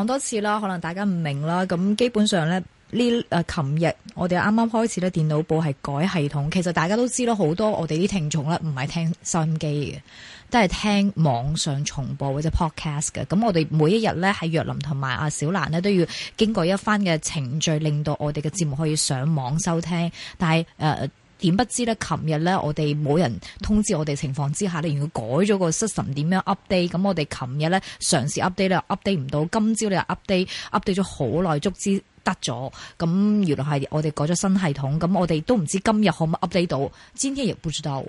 講多次啦，可能大家唔明啦。咁基本上咧，呢誒，琴日我哋啱啱開始咧，電腦部係改系統。其實大家都知啦，好多我哋啲聽眾咧，唔係聽收音機嘅，都係聽網上重播或者 podcast 嘅。咁我哋每一日咧，喺若林同埋阿小蘭呢，都要經過一番嘅程序，令到我哋嘅節目可以上網收聽。但係誒。Uh, 點不知咧？琴日咧，我哋冇人通知我哋情況之下咧，如果改咗個失神點樣 update。咁我哋琴日咧嘗試 update 咧，update 唔到。今朝又 update，update 咗好耐，卒之得咗。咁原來係我哋改咗新系統。咁我哋都唔知今日可唔可 update 到。今天亦不知道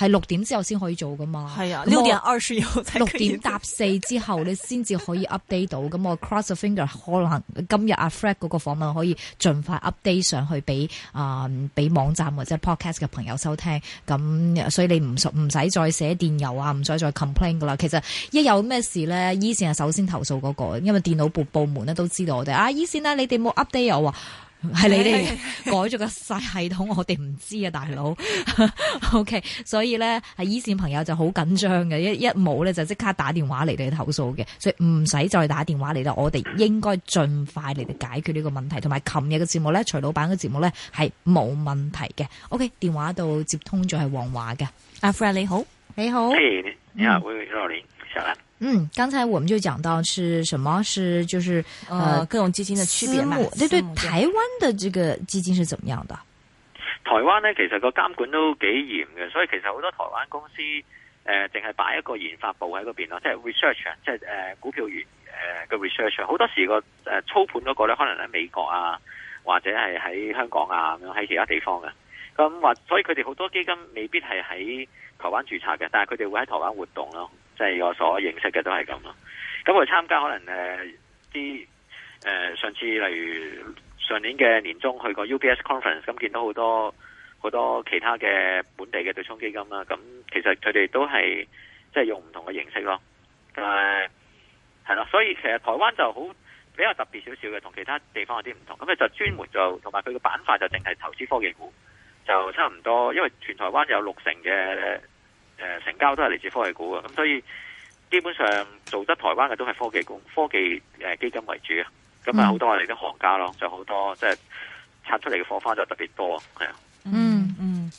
係六點之後先可以做噶嘛？係啊，六點二十後。六點搭四之後，你先至可以 update 到。 咁我 cross the finger，可能今日阿 Fred 嗰個訪問可以盡快 update 上去俾啊，俾、呃、網站或者 podcast 嘅朋友收聽。咁所以你唔唔使再寫電郵啊，唔使再，再 complain 噶啦。其實一有咩事咧，Eason 係首先投訴嗰、嗰個，因為電腦部部門咧都知道我哋啊，Eason 啦你哋冇 update 我喎。我係你哋改咗個細系統， 我哋唔知啊，大佬。 OK，所以咧係醫線朋友就好緊張嘅，一一冇咧就即刻打電話嚟，嚟投訴嘅，所以唔使再打電話嚟啦。我哋應該盡快嚟解決呢個問題，同埋琴日嘅節目咧，徐老闆嘅節目咧係冇問題嘅。OK，電話度接通咗係王華嘅，阿 f r 你好，你好，嗯嗯，剛才我們就講到是什麼，是就是，呃，各種基金的區別私募。對對，對，台灣的這個基金是怎麼樣的？台灣呢，其實個監管都幾嚴嘅，所以其實好多台灣公司，誒、呃，淨係擺一個研發部喺嗰邊咯，即係 research 啊，即係誒股票員誒嘅 research 啊，好、呃、多時候、呃、盤個誒操盤嗰個咧，可能喺美國啊，或者係喺香港啊咁樣，喺其他地方嘅、啊。咁、嗯、或所以佢哋好多基金未必係喺台灣注冊嘅，但係佢哋會喺台灣活動咯。即係我所認識嘅都係咁咯。咁我參加可能誒啲、呃呃、上次例如上年嘅年中去過 UBS Conference，咁、嗯、見到好多好多其他嘅本地嘅對沖基金啦。咁、嗯、其實佢哋都係即係用唔同嘅形式咯。係、嗯、咯，所以其實台灣就好比較特別少少嘅，同其他地方有啲唔同。咁、嗯、佢就專門的版就同埋佢個板塊就淨係投資科技股，就差唔多。因為全台灣有六成嘅。誒、呃，成交都係嚟自科技股嘅，咁、嗯、所以基本上做得台灣嘅都係科技股、科技誒、呃、基金為主啊，咁啊好多我哋啲行家咯，就好多即係拆出嚟嘅火花就特別多係啊。嗯嗯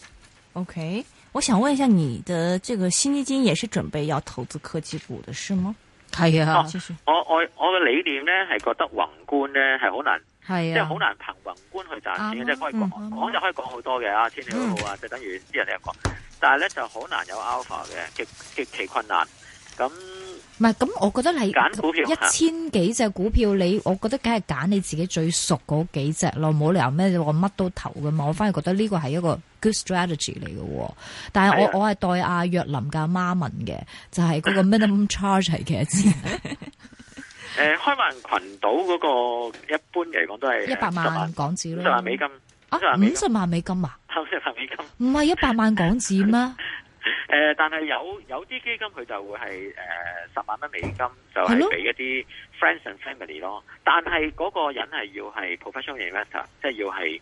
，OK，我想問一下，你嘅這個新基金也是準備要投資科技股的，是嗎？係、哎、呀啊，就是、我我我嘅理念呢係覺得宏觀呢係好難。係啊，即係好難憑宏觀去賺錢嘅，即係、嗯、可以講，講、嗯嗯、就可以講好多嘅啊！天氣好啊、嗯，就等於啲人嚟講，但係咧就好難有 alpha 嘅，極極其困難。咁唔係咁，我覺得你揀股票一千幾隻股票，你我覺得梗係揀你自己最熟嗰幾隻咯，冇理由咩我乜都投㗎嘛。我反而覺得呢個係一個 good strategy 嚟嘅。但係我、啊、我係代阿若琳嘅阿媽問嘅，就係、是、嗰個 minimum charge 係幾多錢？誒、呃，開萬群島嗰個一般嚟講都係一百萬港紙咯，五十萬美金五十萬美金啊，五十萬美金，唔係一百萬港紙咩？誒、呃呃，但係有有啲基金佢就會係誒、呃、十萬蚊美金就係俾咯一啲 friends and family 咯，但係嗰個人係要係 professional investor，即係要係誒、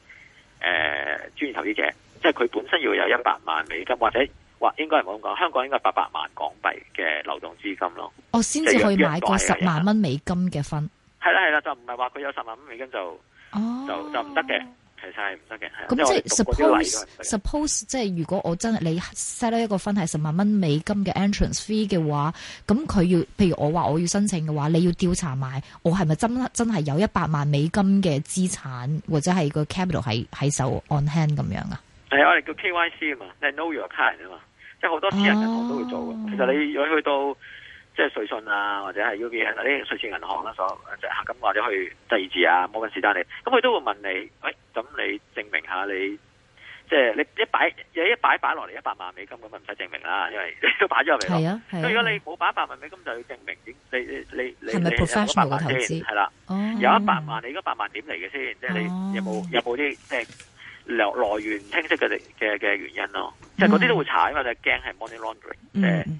呃、專業投資者，即係佢本身要有一百萬美金或者。話應該冇咁講，香港應該八百萬港幣嘅流動資金咯。我先至去買個十萬蚊美金嘅分。係啦係啦，就唔係話佢有十萬蚊美金就哦，就唔得嘅，其實係唔得嘅。咁、哦、的即係 suppose，suppose 即係如果我真係你 set 攞一個分係十萬蚊美金嘅 entrance fee 嘅話，咁佢要譬如我話我要申請嘅話，你要調查埋我係咪真真係有一百萬美金嘅資產，或者係個 capital 喺喺手 on hand 咁樣啊？係我哋叫 KYC 啊嘛，係 know your card 啊嘛。即係好多私人銀行都會做嘅，啊、其實你如果去到即係瑞信啊，或者係 UBS 嗰啲瑞士銀行啦、啊，所即係或者去第二字啊摩根士丹利，咁佢都會問你，喂、哎，咁你證明下你即係你一擺一擺一擺落嚟一百萬美金咁咪唔使證明啦，因為你都擺咗入嚟。啊」係、啊。如果你冇擺一百萬美金，就要證明點？你你是是你你你你係咪 professional 啦。有、啊、一百萬，你嗰一百萬點嚟嘅先？即係你有冇有冇啲即係？來來源清晰嘅嘅嘅原因咯，即係嗰啲都會查，因為怕是 laundry,、嗯、就驚係 money laundering 嘅。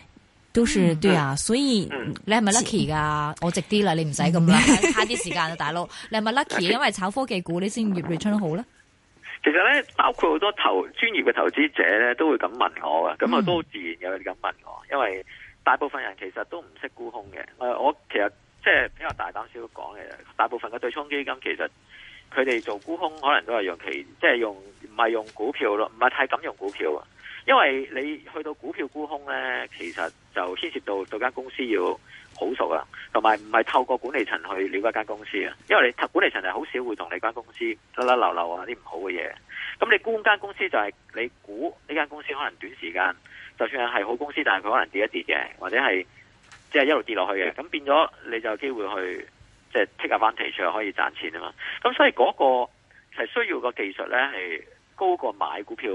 都是對啊，嗯、所以、嗯、你係咪 lucky 噶？嗯、我直啲啦，你唔使咁啦，差啲時間啊， 大佬，你係咪 lucky？因為炒科技股你先月 return 好啦。其實咧，包括好多投專業嘅投資者咧，都會咁問我啊。咁啊都自然有嘅咁問我，因為大部分人其實都唔識沽空嘅。誒，我其實即係比較大膽少少講嘅，大部分嘅對沖基金其實佢哋做沽空，可能都係用其即係用唔係用股票咯，唔係太敢用股票啊。因為你去到股票沽空呢，其實就牽涉到對間公司要好熟啊，同埋唔係透過管理層去了解間公司啊。因為你管理層係好少會同你間公司甩甩漏漏啊啲唔好嘅嘢。咁你沽間公司就係你估呢間公司可能短時間，就算係好公司，但係佢可能跌一跌嘅，或者係即係一路跌落去嘅。咁變咗你就有機會去即係 take advantage 可以賺錢啊嘛。咁所以嗰個係需要個技術呢，係高過買股票。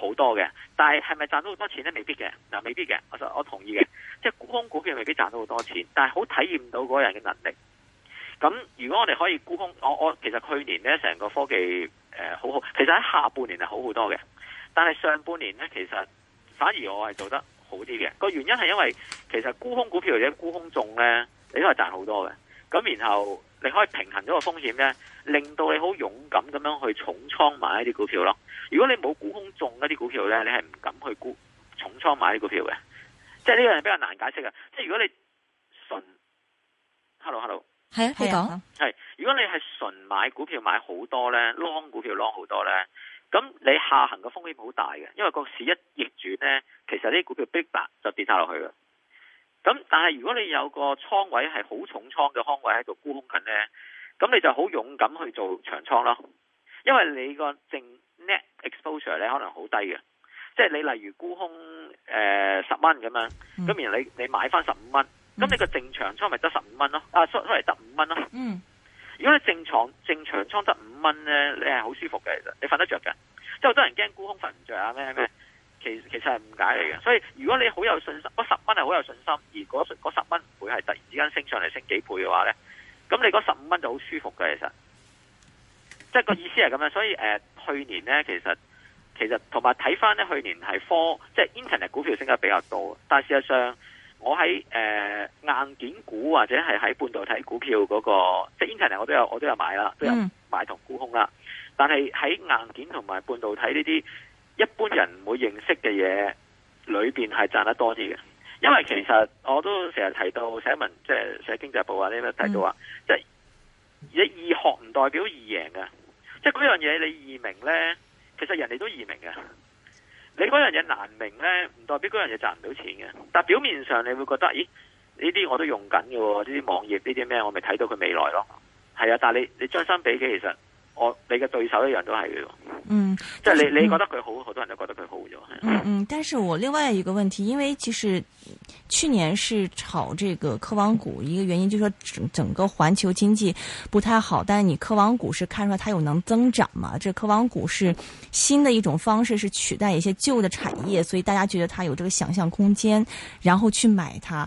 好多嘅，但係係咪賺到好多錢呢？未必嘅，嗱、啊，未必嘅。我我同意嘅，即係沽空股票未必賺到好多錢，但係好體驗到嗰人嘅能力。咁如果我哋可以沽空，我我其實去年呢成個科技誒好、呃、好，其實喺下半年係好好多嘅，但係上半年呢，其實反而我係做得好啲嘅。個原因係因為其實沽空股票或者沽空中呢，你都係賺好多嘅。咁然後。你可以平衡咗個風險咧，令到你好勇敢咁樣去重倉買一啲股票咯。如果你冇沽空中一啲股票咧，你係唔敢去沽重倉買啲股票嘅。即係呢樣係比較難解釋嘅。即係如果你純，hello hello，係啊，你講，啊，係、啊、如果你係純買股票買好多咧，long 股票 long 好多咧，咁你下行嘅風險好大嘅，因為個市一逆轉咧，其實啲股票逼沓就跌晒落去嘅。咁但係如果你有個倉位係好重倉嘅倉位喺度沽空緊呢，咁你就好勇敢去做長倉咯，因為你個正 net exposure 呢可能好低嘅，即係你例如沽空誒十蚊咁樣，咁然你你買翻十五蚊，咁你個正長倉咪得十五蚊咯，啊，sorry 得五蚊咯。嗯，如果你正長正長倉得五蚊呢，你係好舒服嘅，其實你瞓得著嘅，即係好多人驚沽空瞓唔著啊咩咩。其其實係誤解嚟嘅，所以如果你好有信心，嗰十蚊係好有信心，而嗰十蚊會係突然之間升上嚟升幾倍嘅話咧，咁你嗰十五蚊就好舒服嘅，其實，即係個意思係咁樣。所以誒，去年咧，其實其實同埋睇翻咧，去年係科即係 internet 股票升得比較多，但係事實上我喺誒硬件股或者係喺半導體股票嗰個即係 internet 我都有我都有買啦，都有買同沽空啦，但係喺硬件同埋半導體呢啲。一般人唔會認識嘅嘢，裏邊係賺得多啲嘅。因為其實我都成日提到寫文，即係寫經濟報啊啲咁，你提到話即係你易學唔代表易贏嘅。即係嗰樣嘢你易明呢，其實人哋都易明嘅。你嗰樣嘢難明呢，唔代表嗰樣嘢賺唔到錢嘅。但係表面上你會覺得，咦？呢啲我都用緊嘅，呢啲網頁，呢啲咩，我咪睇到佢未來咯。係啊，但係你你將心比己其實。我你嘅對手一樣都係嘅，嗯，即係你你覺得佢好，好、嗯、多人都覺得佢好咗。嗯嗯，但是我另外一個問題，因為其實去年是炒這個科網股，一個原因就是說整整個環球經濟不太好，但是你科網股是看出來它有能增長嘛？這科網股是新的一種方式，是取代一些舊的產業，所以大家覺得它有這個想象空間，然後去買它。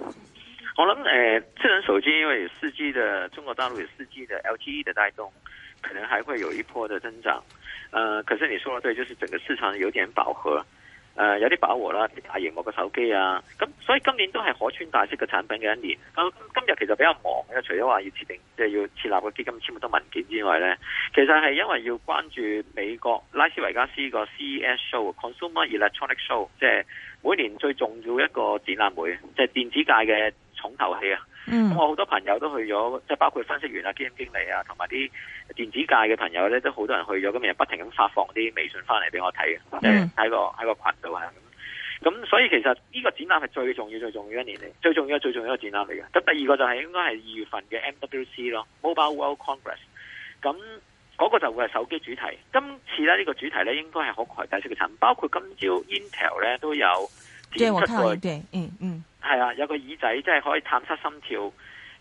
我諗誒，呃，智能手機因為有 4G 的，中國大陸有 4G 的 LTE 的帶動，可能還會有一波的增長。誒、呃，可是你說得對，就是整個市場有點飽和，誒、呃，有啲飽和啦，大螢幕嘅手機啊。咁所以今年都係可穿戴式嘅產品嘅一年。咁今日其實比較忙嘅，除咗話要設定即係要設立個基金簽好多文件之外咧，其實係因為要關注美國拉斯維加斯個 CES Show，Consumer Electronic Show，即係每年最重要一個展覽會，即係電子界嘅。重頭戲啊！咁、嗯、我好多朋友都去咗，即係包括分析員啊、基金經理啊，同埋啲電子界嘅朋友咧，都好多人去咗，今日不停咁發放啲微信翻嚟俾我睇嘅，喺、嗯、個喺個群度啊。咁所以其實呢個展覽係最重要，最重要、最重要一年嚟，最重要、最重要個展覽嚟嘅。咁第二個就係應該係二月份嘅 MWC 咯，Mobile World Congress。咁嗰個就會係手機主題。今次咧呢個主題咧應該係好跨界式嘅產品，包括今朝 Intel 咧都有。檢測嘅，嗯嗯，係啊，有個耳仔，即係可以探測心跳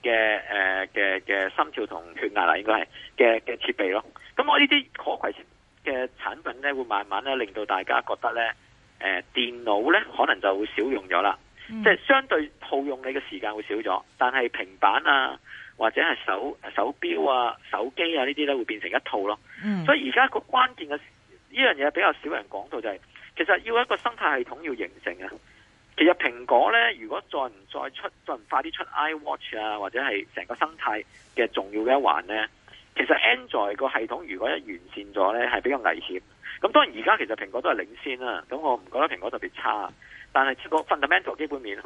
嘅，誒嘅嘅心跳同血壓啦，應該係嘅嘅設備咯。咁我呢啲可携式嘅產品咧，會慢慢咧令到大家覺得咧，誒電腦咧可能就會少用咗啦，即係相對套用你嘅時間會少咗。但係平板啊，或者係手手錶啊、手機啊呢啲咧，會變成一套咯。嗯，所以而家個關鍵嘅呢樣嘢比較少人講到就係。其實要一個生態系統要形成啊，其實蘋果呢，如果再唔再出，再唔快啲出 iWatch 啊，或者係成個生態嘅重要嘅一環呢，其實 Android 個系統如果一完善咗呢，係比較危險。咁當然而家其實蘋果都係領先啦，咁我唔覺得蘋果特別差，但係個 fundamental 基本面。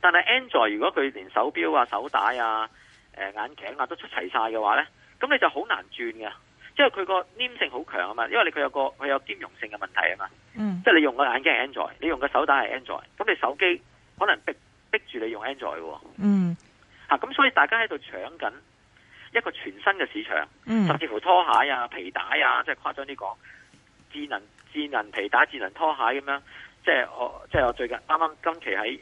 但係 Android 如果佢連手表啊、手帶啊、呃、眼鏡啊都出齊晒嘅話呢，咁你就好難轉㗎。即係佢個黏性好強啊嘛，因為你佢有個佢有兼容性嘅問題啊嘛，嗯、即係你用個眼鏡係 Android，你用個手打係 Android，咁你手機可能逼逼住你用 Android 嘅，嗯，吓咁、啊、所以大家喺度搶緊一個全新嘅市場，嗯、甚至乎拖鞋啊、皮帶啊，即係誇張啲講，智能智能皮帶、智能拖鞋咁樣，即係我即係我最近啱啱今期喺誒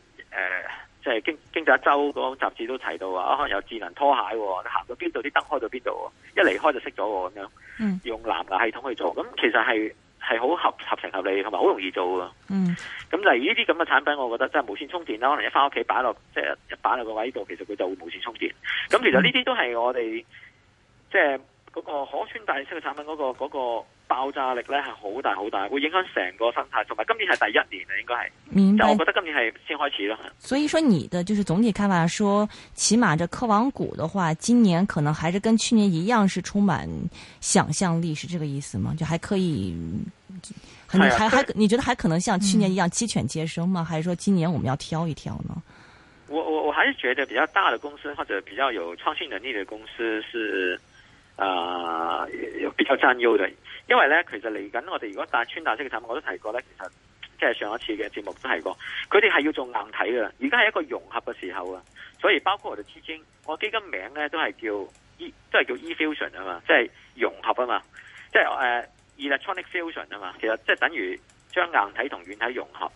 即係經經濟一周嗰種雜誌都提到話，可能有智能拖鞋，喔，你行到邊度啲燈開到邊度，一離開就熄咗喎咁樣。嗯，用藍牙系統去做，咁其實係係好合合情合理，同埋好容易做噶。嗯，咁例如呢啲咁嘅產品，我覺得真係無線充電啦，可能一返屋企擺落，即係一擺落個位度，其實佢就會無線充電。咁其實呢啲都係我哋即係。就是嗰個可穿戴式嘅產品、那個，嗰、那個爆炸力呢係好大好大，會影響成個生態，同埋今年係第一年啊，應該係。明白就我覺得今年係先開始啦。所以，說你的就是總體看法，說，起碼這科網股的話，今年可能還是跟去年一樣，是充滿想象力，是這個意思嗎？就還可以，很對還還對你覺得還可能像去年一樣雞犬皆升嗎、嗯、還是說今年我們要挑一挑呢？我我我，我我還是覺得比較大的公司或者比較有創新能力的公司是。啊、呃，比較爭拗嘅，因為咧，其實嚟緊我哋如果戴穿戴式嘅產品，我都提過咧，其實即係上一次嘅節目都提過，佢哋係要做硬體嘅，而家係一個融合嘅時候啊，所以包括我哋基金，我基金名咧都係叫，叫 e，都係叫 e-fusion 啊嘛，即係融合啊嘛，即係誒 electronic fusion 啊嘛，其實即係等於將硬體同軟體融合，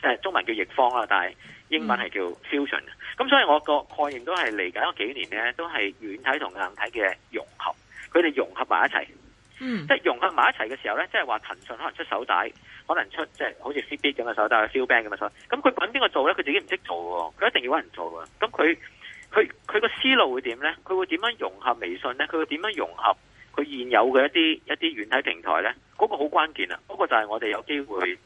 即、就、誒、是、中文叫易方啦，但係英文係叫 fusion，咁、嗯、所以我個概念都係嚟緊嗰幾年咧，都係軟體同硬體嘅融合。佢哋融合埋一齊，嗯、即係融合埋一齊嘅時候咧，即係話騰訊可能出手帶，可能出即係好似 fitbit 咁嘅手帶，feelband 咁嘅手帶。咁佢揾邊個做咧？佢自己唔識做，佢一定要揾人做的。咁佢佢佢個思路會點咧？佢會點樣融合微信咧？佢會點樣融合佢現有嘅一啲一啲軟體平台咧？嗰個好關鍵啊！嗰個就係我哋有機會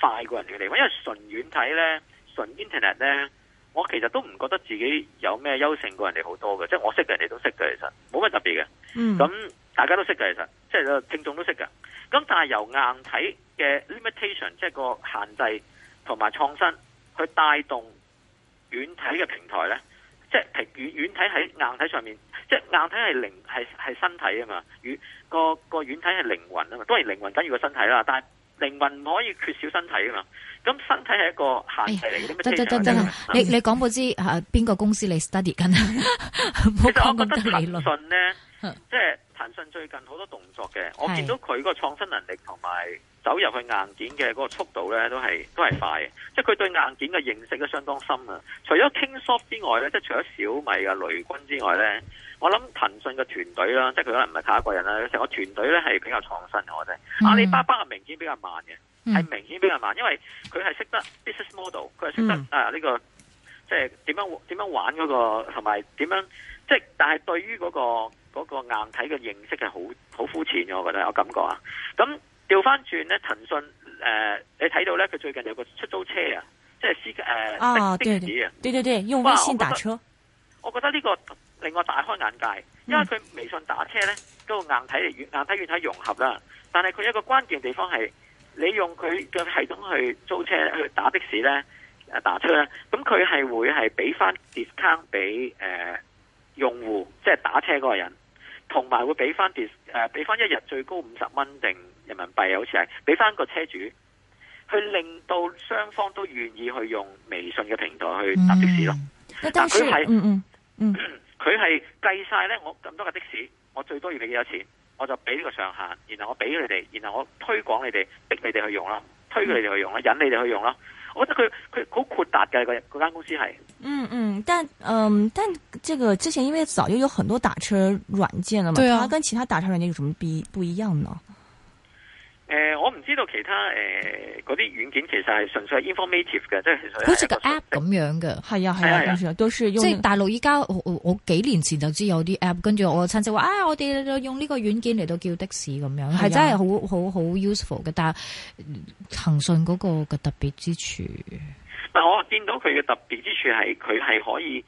快過人哋嘅地方，因為純軟體咧，純 internet 咧。我其實都唔覺得自己有咩優勝過人哋好多嘅，即係我識嘅人哋都識嘅，其實冇乜特別嘅。嗯，咁大家都識嘅，其實即係、就是、聽眾都識嘅。咁但係由硬體嘅 limitation，即係個限制同埋創新去帶動軟體嘅平台呢，即係平軟軟體喺硬體上面，即、就、係、是、硬體係靈係係身體啊嘛，軟個個軟體係靈魂啊嘛，當然靈魂緊要過身體啦，但係靈魂唔可以缺少身體㗎嘛，咁身體係一個限制嚟嘅咩？真真真真，你你講唔知吓邊、啊、個公司你 study 緊？ 其實我覺得騰訊咧，即係騰訊最近好多動作嘅，我見到佢個創新能力同埋。走入去硬件嘅嗰個速度咧，都係都係快嘅。即係佢對硬件嘅認識都相當深啊。除咗 Kingsoft 之外咧，即係除咗小米嘅雷軍之外咧，我諗騰訊嘅團隊啦，即係佢可能唔係靠一個人啦，成個團隊咧係比較創新嘅。我覺得阿里巴巴嘅明顯比較慢嘅，係、嗯、明顯比較慢，因為佢係識得 business model，佢係識得、嗯、啊呢、這個即係點樣點樣玩嗰、那個，同埋點樣即係。但係對於嗰、那個嗰、那個、硬體嘅認識係好好膚淺嘅，我覺得我感覺啊。咁。調翻轉咧，騰訊誒，你睇到咧，佢最近有個出租車、呃、啊，即係私誒的士啊，對對對，用微信打車，我覺得呢、呢個令我大開眼界，因為佢微信打車咧，都硬體嚟，軟硬體軟體融合啦。但係佢有一個關鍵地方係，你用佢嘅系統去租車去打的士咧，誒，打車咧，咁佢係會係俾翻 discount 俾誒、呃、用戶，即係打車嗰個人，同埋會俾翻 dis 誒俾翻一日最高五十蚊定。人民幣好似係俾翻個車主，去令到雙方都願意去用微信嘅平台去搭的士咯、嗯。但佢係嗯嗯嗯，佢係計晒咧。我咁多架的士，我最多要俾幾多錢，我就俾呢個上限。然後我俾佢哋，然後我推廣你哋，逼你哋去用咯，推佢哋去用咯，嗯、引你哋去用咯。我覺得佢佢好豁達嘅嗰間公司係嗯嗯，但嗯但這個之前因為早就有很多打車軟件了嘛，佢、啊、跟其他打車軟件有什麼不一樣呢？誒、呃，我唔知道其他誒嗰啲軟件其實係純粹係 informative 嘅，即係其實好似個，個 app 咁樣嘅，係啊係啊，啊啊啊都用即係大陸而家我幾幾年前就知有啲 app，跟住我親戚話啊，我哋用呢個軟件嚟到叫的士咁樣，係、啊、真係好好好 useful 嘅。但係騰訊嗰個嘅特別之處，但我見到佢嘅特別之處係佢係可以。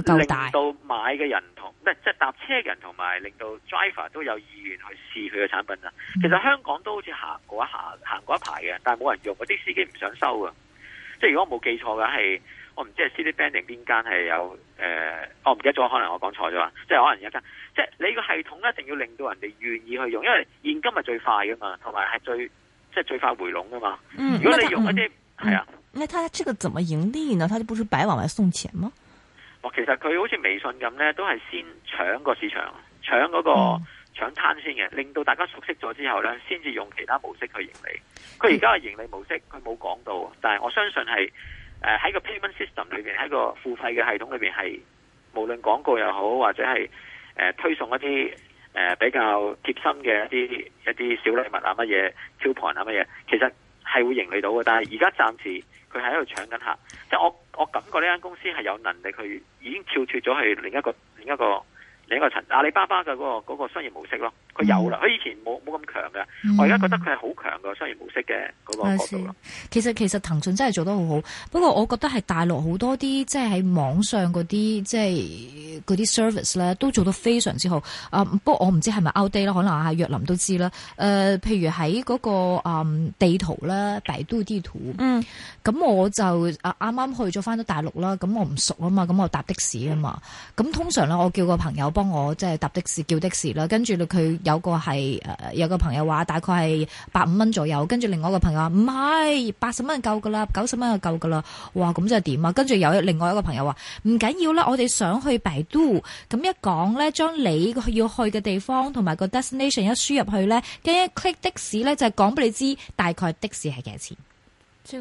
可令到買嘅人同即係搭車嘅人同埋令到 driver 都有意願去試佢嘅產品啊！嗯、其實香港都好似行過一行行過一排嘅，但係冇人用，啲司機唔想收啊！即係如果我冇記錯嘅係，我唔知係 City Band 定邊間係有誒、呃，我唔記得咗，可能我講錯咗啦。即係可能一間，即係你個系統一定要令到人哋願意去用，因為現金係最快噶嘛，同埋係最即係最快回籠噶嘛。嗯、如果你用一啲系、嗯嗯、啊，那他這個怎麼盈利呢？他就不是白往外送錢嗎？其實佢好似微信咁呢，都係先搶個市場，搶嗰、嗰個搶攤先嘅，令到大家熟悉咗之後呢，先至用其他模式去盈利。佢而家嘅盈利模式佢冇講到，但係我相信係喺個 payment system 裏邊，喺個付費嘅系統裏面係，係無論廣告又好，或者係、呃、推送一啲、呃、比較貼心嘅一啲一啲小禮物啊乜嘢 coupon 啊乜嘢，其實，係會盈利到嘅，但係而家暫時佢係喺度搶緊客，即係我我感覺呢間公司係有能力去，已經跳脫咗去另一個另一個。阿里巴巴嘅嗰、嗰個、嗰個商業模式咯，佢有啦，佢、嗯、以前冇冇咁強嘅，的嗯、我而家覺得佢係好強嘅商業模式嘅嗰個角度咯。啊、其實其實騰訊真係做得好好，不過我覺得係大陸好多啲即係喺網上嗰啲即係嗰啲 service 咧都做得非常之好。啊、呃，不過我唔知係咪 out day 啦，可能阿若林都知啦。誒、呃，譬如喺嗰個誒地圖咧，百度地圖。地圖嗯。咁我就啊啱啱去咗翻到大陸啦，咁我唔熟啊嘛，咁我搭的士啊嘛，咁、嗯、通常咧我叫個朋友幫。我即係搭的士，叫的士啦。跟住佢有個係誒，有個朋友話大概係百五蚊左右。跟住另外一個朋友話唔係八十蚊就夠噶啦，九十蚊就夠噶啦。哇，咁就點啊？跟住有另外一個朋友話唔緊要啦，我哋想去百度咁一講呢，將你要去嘅地方同埋個 destination 一輸入去呢，跟一 click 的士呢，就係講俾你知大概的士係幾多錢。即係，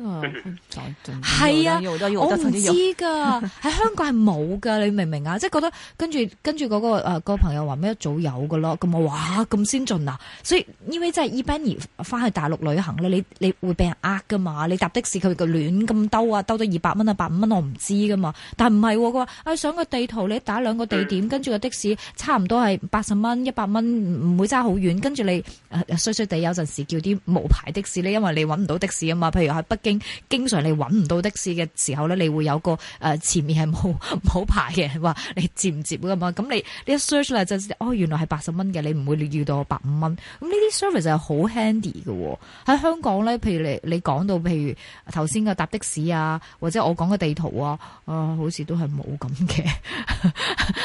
係、這個、 啊，我唔知噶，喺香港係冇噶，你明唔明啊？ 即係覺得跟住跟住嗰、那個誒、呃那個朋友話咩一早有噶咯，咁啊哇，咁先進啊！所以呢位真係 e 班尼，翻去大陸旅行咧，你你會俾人呃噶嘛？你搭的士佢個亂咁兜啊，兜到二百蚊啊，百五蚊我唔知噶嘛。但係唔係佢話，上個地圖你打兩個地點，跟住個的士差唔多係八十蚊、一百蚊，唔會揸好遠。跟住你衰衰地有陣時候叫啲無牌的士咧，因為你搵唔到的士啊嘛。譬如是北京經常你揾唔到的士嘅時候咧，你會有個誒、呃、前面係冇冇牌嘅，話你接唔接㗎嘛？咁你，你一 search 出就哦，原來係八十蚊嘅，你唔會遇到我百五蚊。咁呢啲 service 就係好 handy 嘅喎。喺、哦、香港咧，譬如你你講到譬如頭先嘅搭的士啊，或者我講嘅地圖啊，啊、呃，好似都係冇咁嘅，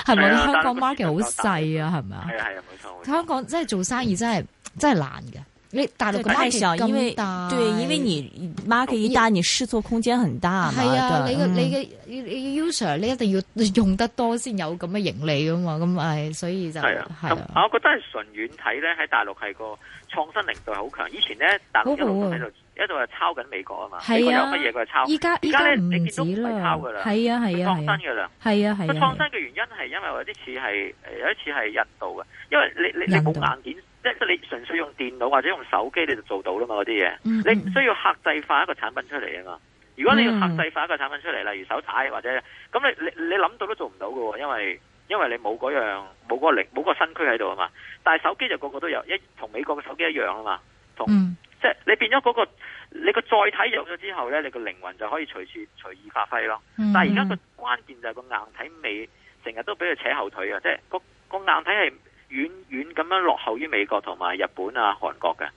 係咪香港 market 好細啊？係咪啊？啊。係啊、冇錯香港真係做生意真係的真係難嘅。你大陸個 market 咁大，對，因為你 market 一大，你試錯空間很大。係啊，你嘅你嘅 user 你一定要用得多先有咁嘅盈利噶嘛，咁係所以就係啊。係我覺得係純遠睇咧，喺大陸係個創新力度係好強。以前咧大陸一路喺度一路係抄緊美國啊嘛。係啊，有乜嘢佢抄？依家依家咧你見到唔係抄噶啦，係啊，係啊，創新噶啦，係啊。係啊，係。個創新嘅原因係因為有啲似係誒，有啲似係印度嘅，因為你你你冇硬件。即係你純粹用電腦或者用手機你就做到啦嘛嗰啲嘢，你唔需要客製化一個產品出嚟啊嘛。如果你要客製化一個產品出嚟，例如手提或者咁，你你你諗到都做唔到嘅喎、哦，因為因為你冇嗰樣冇個靈冇個身軀喺度啊嘛。但係手機就個個都有一同美國嘅手機一樣啊嘛，同、嗯、即係你變咗嗰、嗰個你個載體用咗之後咧，你個靈魂就可以隨時隨意發揮咯。但係而家個關鍵就係個硬體未成日都俾佢扯後腿啊，即係個個硬體係。遠遠咁樣落後於美國同埋日本啊、韓國嘅，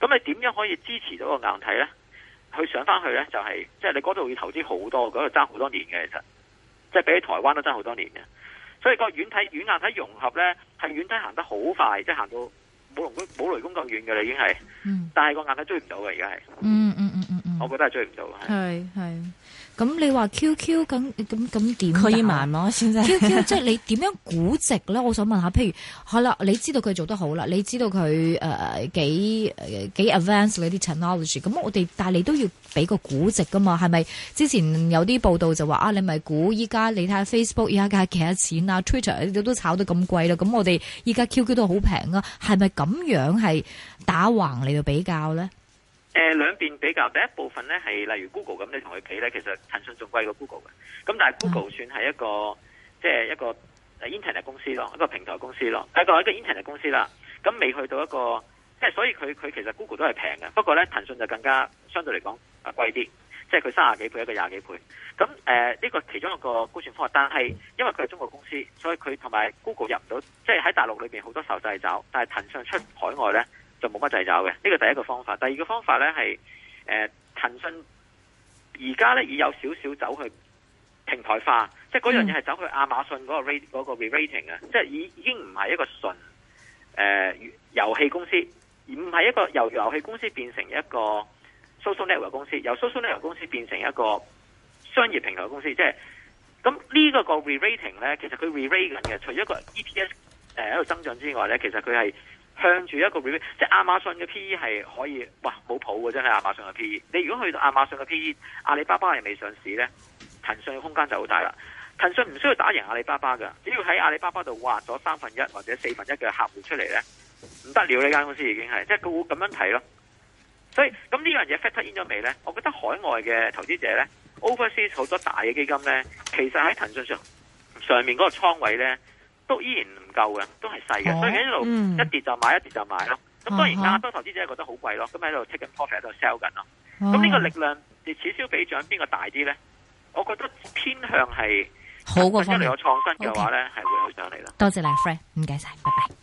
咁你點樣可以支持到個硬體呢？去上翻去呢，就係即係你嗰度，要投資好多，嗰度爭好多年嘅，其實，即係比起台灣都爭好多年嘅，所以個軟體、軟硬體融合呢，係軟體行得好快，即係行到冇雷公咁遠嘅啦，已經係，嗯，但係個硬體追唔到嘅，而家係，嗯嗯嗯我覺得係追唔到，係係。咁你話 QQ 咁咁咁點樣可以慢咯，先生 QQ 即係你點樣估值咧？ 我想問下，譬如好啦，你知道佢做得好啦，你知道佢誒幾幾 advanced 嗰啲 technology，咁我哋但係你都要俾個估值噶嘛？係咪之前有啲報道就話啊，你咪估依家你睇下 Facebook 而家係幾多錢啊，Twitter 都炒到咁貴啦，咁我哋依家 QQ 都好平啊，係咪咁樣係打橫嚟到比較咧？誒、呃、兩邊比較，第一部分咧係例如 Google 咁，你同佢企咧，其實騰訊仲貴過 Google 嘅。咁但係 Google 算係一個即係一個 internet 公司咯，一個平台公司咯，係一個 internet 公司啦。咁未去到一個，即係所以佢佢其實 Google 都係平嘅。不過咧，騰訊就更加相對嚟講誒貴啲，即係佢三十幾倍一個廿幾倍。咁誒呢個其中一個估算方法，但係因為佢係中國公司，所以佢同埋 Google 入唔到，即係喺大陸裏面好多受掣肘。但係騰訊出海外咧。就冇乜掣肘嘅，呢個第一個方法。第二個方法呢，係誒、呃、騰訊而家呢已有少少走去平台化，嗯、即係嗰樣嘢係走去亞馬遜嗰個 re 嗰個 re-rating 啊，即係已已經唔係一個純誒遊戲公司，而唔係一個由遊戲公司變成一個 social network 公司，由 social network 公司變成一個商業平台公司。即係咁呢個個 re-rating 呢，其實佢 re-rating 嘅，除咗個 EPS 誒、呃、喺度增長之外呢，其實佢係。向住一個 review，即係亞馬遜嘅 PE 係可以，哇冇普嘅真係亞馬遜嘅 PE。你如果去到亞馬遜嘅 PE，阿里巴巴係未上市呢，騰訊嘅空間就好大啦。騰訊唔需要打贏阿里巴巴㗎，只要喺阿里巴巴度挖咗三分一或者四分一嘅客戶出嚟呢，唔得了呢間公司已經係，即係佢會咁樣睇咯。所以咁呢樣嘢 factor in 咗未呢？我覺得海外嘅投資者呢，overseas 好多大嘅基金呢，其實喺騰訊上上面嗰個倉位呢。都依然唔夠嘅，都係細嘅，哦、所以喺呢度一跌就買，嗯、一跌就買咯。咁當然亞洲、嗯哼啊、投資者覺得好貴咯，咁喺度 take 緊 profit 喺度 sell 緊咯。咁呢、嗯、個力量，你此消彼長，邊個大啲咧？我覺得偏向係好過，因嚟有創新嘅話咧，係 Okay 會去上嚟啦。多謝你，friend，唔該晒。拜拜。